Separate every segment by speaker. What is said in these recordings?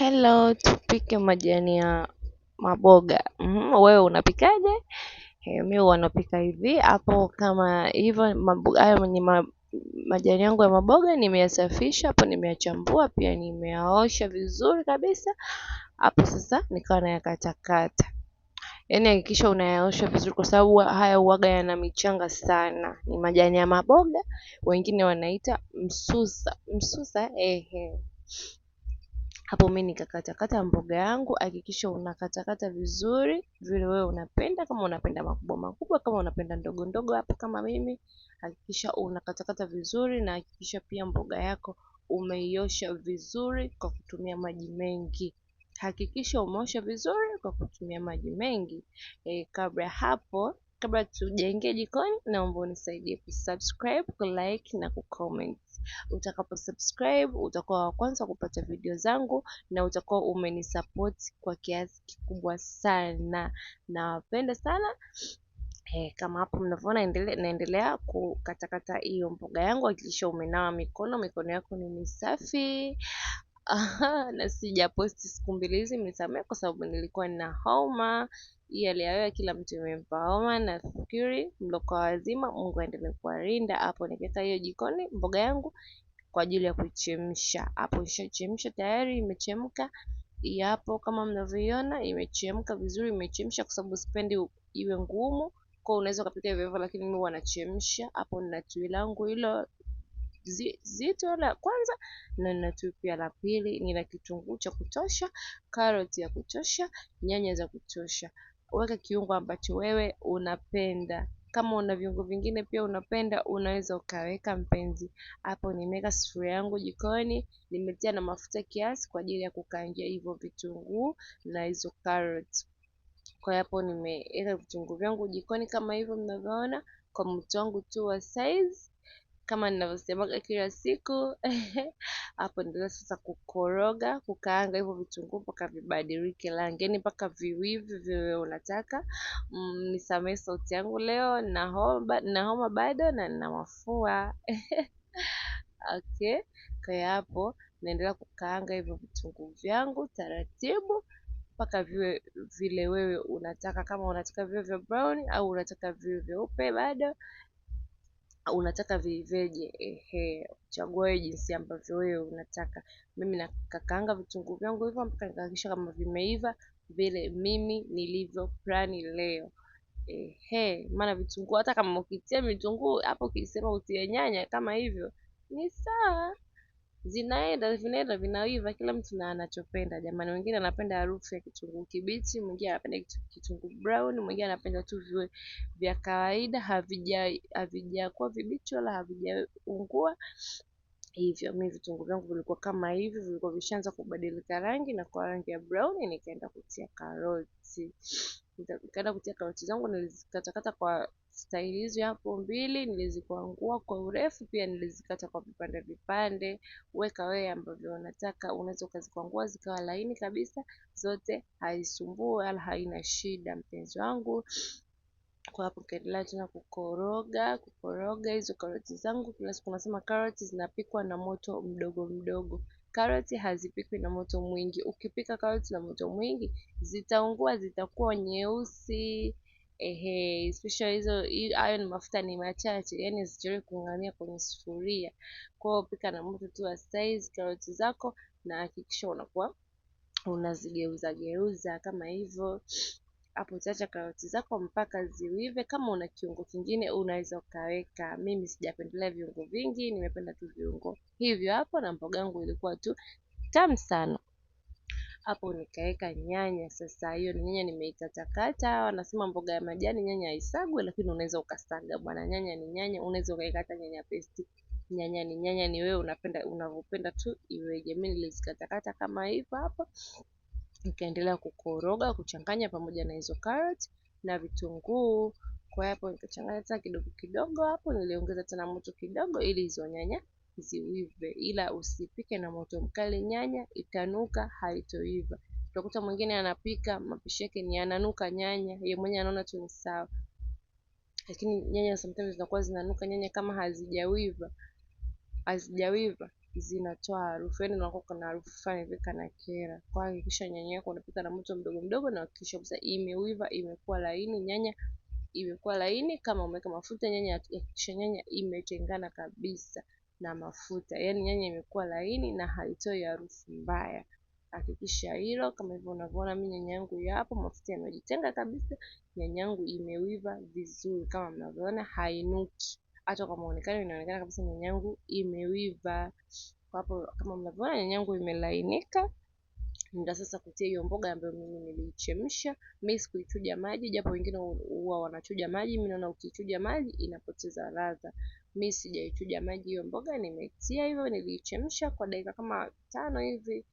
Speaker 1: Hello, tupike majani ya maboga. Mhm, wewe unapikaje? Eh, mi huwa napika hivi hapo, kama hivyo maboga- hayo ni ma, majani yangu ya maboga nimeyasafisha hapo, nimeyachambua pia nimeyaosha vizuri kabisa hapo. Sasa nikawa nayakatakata, yaani hakikisha unayaosha vizuri, kwa sababu haya uwaga yana michanga sana. Ni majani ya maboga, wengine wanaita msusa. Msusa ehe hapo mimi nikakatakata mboga yangu, hakikisha unakatakata vizuri vile wewe unapenda, kama unapenda makubwa makubwa, kama unapenda ndogo ndogo, hapo kama mimi, hakikisha unakatakata vizuri, na hakikisha pia mboga yako umeiosha vizuri kwa kutumia maji mengi. Hakikisha umeosha vizuri kwa kutumia maji mengi. E, kabla hapo Kabla tujaingia jikoni, naomba unisaidie kusubscribe, kulike na kucomment. Utakapo subscribe utakuwa wa kwanza kupata video zangu na utakuwa umenisupport kwa kiasi kikubwa sana. Nawapenda sana. Eh, kama hapo mnavyoona naendelea kukatakata hiyo mboga yangu. Hakikisha umenawa mikono, mikono yako ni misafi. Aha, na sijaposti siku mbili hizi, mnisamehe kwa sababu nilikuwa nina homa. Hii ah, hali ah, ya kila mtu imempa homa nafikiri mlo kwa wazima Mungu aendelee kuwalinda. Hapo nimeweka hiyo jikoni mboga yangu kwa ajili ya kuichemsha. Hapo ishachemsha tayari imechemka. hapo kama mnavyoiona imechemka vizuri imechemsha kwa sababu sipendi iwe ngumu. Kwa unaweza ukapika hivyo lakini mimi huwa nachemsha. Hapo nina tui langu hilo zito la kwanza na nina tui pia la pili. Nina kitunguu cha kutosha, karoti ya kutosha, nyanya za kutosha weka kiungo ambacho wewe unapenda. Kama una viungo vingine pia unapenda unaweza ukaweka mpenzi. Hapo nimeweka sufuria yangu jikoni, nimetia na mafuta kiasi kwa ajili ya kukaangia hivyo vitunguu na hizo karoti. Kwa hiyo hapo nimeweka vitunguu vyangu jikoni kama hivyo mnavyoona kwa mto wangu tu wa size kama ninavyosemaga kila siku hapo ndio sasa kukoroga kukaanga hivyo vitunguu mpaka vibadilike rangi yani mpaka viwivi vile unataka mm, nisamee sauti yangu leo na homa bado na nina mafua okay kwa hapo naendelea kukaanga hivyo vitunguu vyangu taratibu mpaka viwe vile wewe unataka kama unataka viwe vya brown au unataka viwe vyeupe bado unataka viveje, ehe, chagua wewe jinsi ambavyo wewe unataka. Mimi nakakaanga vitunguu vyangu hivyo mpaka nikahakikisha kama vimeiva vile mimi nilivyo plani leo. Ehe, maana vitunguu hata kama ukitia vitunguu hapo ukisema utie nyanya kama hivyo ni sawa. Zinaenda vinaenda vinaiva, kila mtu na anachopenda jamani. Wengine anapenda harufu ya kitunguu kibichi, mwingine anapenda kitunguu brown, mwingine anapenda tu viwe vya kawaida havijakuwa vibichi wala havijaungua hivyo. Mimi vitunguu vyangu vilikuwa kama hivi, vilikuwa vishaanza kubadilika rangi na kwa rangi ya brown, nikaenda kutia karoti nikaenda kutia karoti zangu nilizikatakata kwa Staili hizi hapo mbili nilizikwangua kwa urefu, pia nilizikata kwa vipande vipande. Weka wewe ambavyo unataka, unaweza ukazikwangua zikawa laini kabisa zote, haisumbui wala haina shida, mpenzi wangu. Kwa hapo kaendelea tena kukoroga kukoroga hizo karoti zangu. Kila siku nasema karoti zinapikwa na moto mdogo mdogo, karoti hazipikwi na moto mwingi. Ukipika karoti na moto mwingi zitaungua, zitakuwa nyeusi ehe isipoisha hizo hayo ni mafuta ni machache yani zisichelewe kung'ang'ania kwenye sufuria kwa hiyo pika na moto tu wa size karoti zako na hakikisha unakuwa unazigeuza geuza kama hivyo hapo utaacha karoti zako mpaka ziwive kama una kiungo kingine unaweza ukaweka mimi sijapendelea viungo vingi nimependa tu viungo hivyo hapo na mboga yangu ilikuwa tu tamu sana hapo nikaweka nyanya. Sasa hiyo nyanya nimeikatakata, wanasema mboga ya majani nyanya haisagwi, lakini unaweza ukasaga bwana. Nyanya ni nyanya, unaweza ukaikata nyanya pesti. Nyanya ni nyanya, ni wewe unapenda unavyopenda tu iweje. Mimi nilizikatakata kama hivyo hapo, nikaendelea kukoroga kuchanganya pamoja na hizo karoti na vitunguu kwa hapo, nikachanganya tena kidogo kidogo hapo, niliongeza tena moto kidogo ili hizo nyanya ziive ila usipike na moto mkali nyanya itanuka haitoiva utakuta mwingine anapika mapishi yake ni yananuka nyanya yeye mwenyewe anaona tu ni sawa lakini nyanya sometimes zinakuwa zinanuka nyanya kama hazijaiva hazijaiva zinatoa harufu yani unakuwa kuna harufu fulani hivi kana kera kwa hakikisha nyanya yako unapika na moto mdogo mdogo na hakikisha kabisa imeiva imekuwa laini nyanya imekuwa laini kama umeweka mafuta nyanya hakikisha nyanya imetengana kabisa na mafuta, yaani nyanya imekuwa laini na haitoi harufu mbaya. Hakikisha hilo, kama hivyo unavyoona mimi nyanya yangu yapo, mafuta yamejitenga kabisa, nyanya yangu imeiva vizuri kama mnavyoona, hainuki hata kwa muonekano inaonekana kabisa nyanya yangu imeiva. Kwa hapo kama mnavyoona, nyanya yangu imelainika. Ndio sasa kutia hiyo mboga ambayo mimi niliichemsha. Mimi sikuichuja maji, japo wengine huwa wanachuja maji. Mimi naona ukichuja maji inapoteza ladha. Mi sijaichuja maji hiyo mboga, nimetia hivyo, niliichemsha kwa dakika kama tano hivi.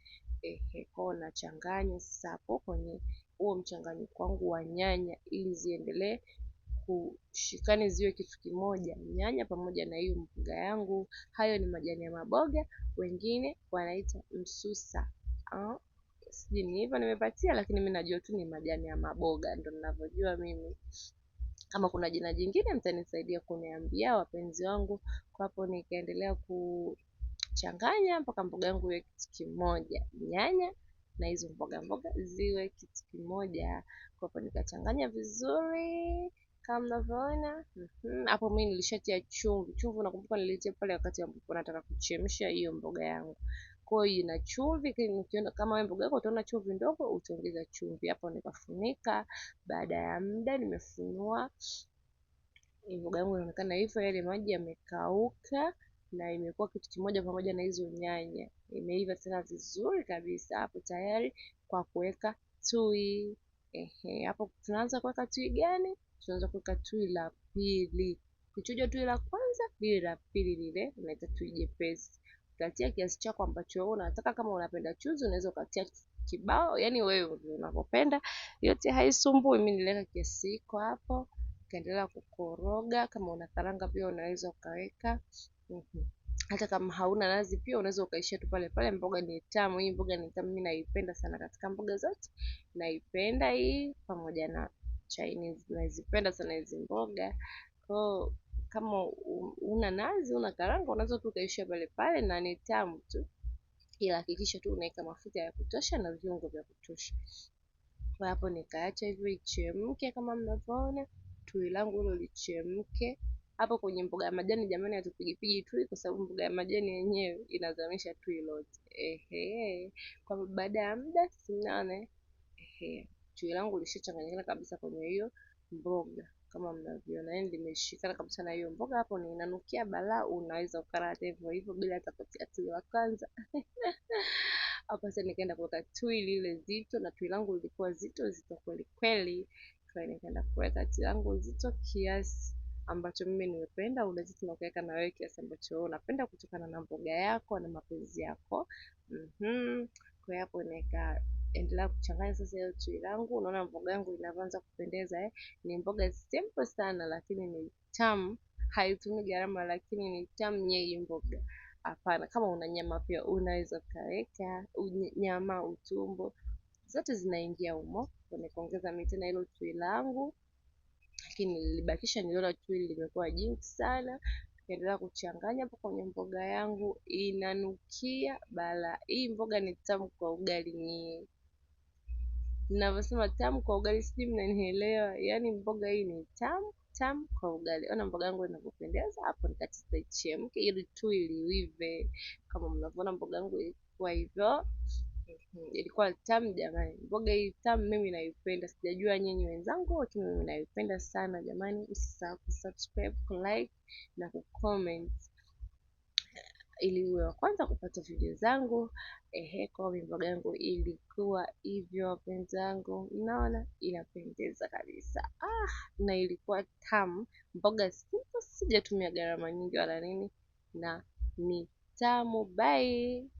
Speaker 1: Ehe, kwao nachanganya sasa hapo kwenye huo mchanganyiko wangu wa nyanya, ili ziendelee kushikana ziwe kitu kimoja, nyanya pamoja na hiyo mboga yangu. Hayo ni majani ya maboga, wengine wanaita msusa. Ah, sijui ni hivyo nimepatia, lakini mi najua tu ni majani ya maboga, ndo ninavyojua mimi. Kama kuna jina jingine mtanisaidia kuniambia wapenzi wangu. Kwa hapo nikaendelea kuchanganya mpaka mboga yangu iwe kitu kimoja. Nyanya na hizo mboga mboga ziwe kitu kimoja. Kwa hapo nikachanganya vizuri kama mnavyoona mhm, hapo mimi nilishatia chumvi. Chumvi nakumbuka nilitia pale wakati ambapo nataka kuchemsha hiyo mboga yangu kwa hiyo ina chumvi. Kama wewe mboga yako utaona chumvi ndogo, utaongeza chumvi hapo, nikafunika. Baada ya muda nimefunua, mboga yangu inaonekana hivyo, yale maji yamekauka na imekuwa kitu kimoja pamoja na hizo nyanya. Imeiva tena vizuri kabisa, hapo tayari kwa kuweka tui. Ehe, hapo tunaanza kuweka tui gani? Tunaanza kuweka tui la pili. Tukichuja tui la kwanza, lile la pili lile unaita tui jepesi. Utatia kiasi chako ambacho wewe unataka. Kama unapenda chuzi, unaweza ukatia kibao, yani wewe unavyopenda. Yote haisumbui, Mimi niliweka kiasi iko hapo, kaendelea kukoroga. Kama una karanga pia unaweza ukaweka mhm. hata kama hauna nazi pia unaweza ukaishia tu pale pale. Mboga ni tamu, hii mboga ni tamu, mimi naipenda sana. Katika mboga zote naipenda hii pamoja na Chinese, nazipenda sana hizi mboga kwao kama una nazi una karanga unaweza tu ukaishia pale pale na ni tamu tu, ila hakikisha tu unaweka mafuta ya kutosha na viungo vya kutosha. Kwa hapo nikaacha hivyo ichemke kama mnavyoona, tui langu hilo lichemke. Hapo kwenye mboga ya majani jamani, hatupigipigi tui kwa sababu mboga ya majani yenyewe inazamisha tui lote. Ehe, kwa baada ya muda sinane ehe, tui langu lishachanganyikana kabisa kwenye hiyo mboga kama mnavyoona, yani limeshikana kabisa na hiyo mboga hapo, ni inanukia balaa. Unaweza ukala hata hivyo hivyo bila hata kutia tui la kwanza hapa. Sasa nikaenda kuweka tui lile zito, na tui langu lilikuwa zito zito kweli kweli, kwa nikaenda kuweka tui langu zito kiasi ambacho mimi nimependa. Unazidi na ukaweka na wewe kiasi ambacho wewe unapenda kutokana na mboga yako na mapenzi yako. Mhm, mm kwa hapo nikaa endelea kuchanganya sasa hiyo tui langu. Unaona mboga yangu inavyoanza kupendeza eh? Ni mboga simple sana, lakini ni tamu, haitumii gharama, lakini ni tamu nyei mboga. Hapana, kama una nyama pia unaweza ukaweka nyama, utumbo, zote zinaingia humo. kuongeza mi tena hilo tui langu, lakini nilibakisha, niliona tui limekuwa jingi sana endelea kuchanganya hapo kwenye mboga yangu, inanukia bala. Hii mboga ni tamu kwa ugali nyie. Ninavyosema tamu kwa ugali sijui mnanielewa. Yaani mboga hii ni tamu tamu kwa ugali. Ona mboga yangu inavyopendeza hapo, nikatiza ichemke ili tu iliive. Kama mnavyoona mboga yangu ilikuwa hivyo, mhm, ilikuwa tamu jamani. Mboga hii tamu mimi naipenda, sijajua nyinyi wenzangu, lakini mimi naipenda sana jamani. Usisahau kusubscribe, kulike na kucomment ili uwe wa kwanza kupata video zangu. Ehe, kwa mboga yangu ilikuwa hivyo wapenzi wangu, mnaona inapendeza kabisa. Ah, na ilikuwa tamu, mboga sijatumia gharama nyingi wala nini, na ni tamu. bai.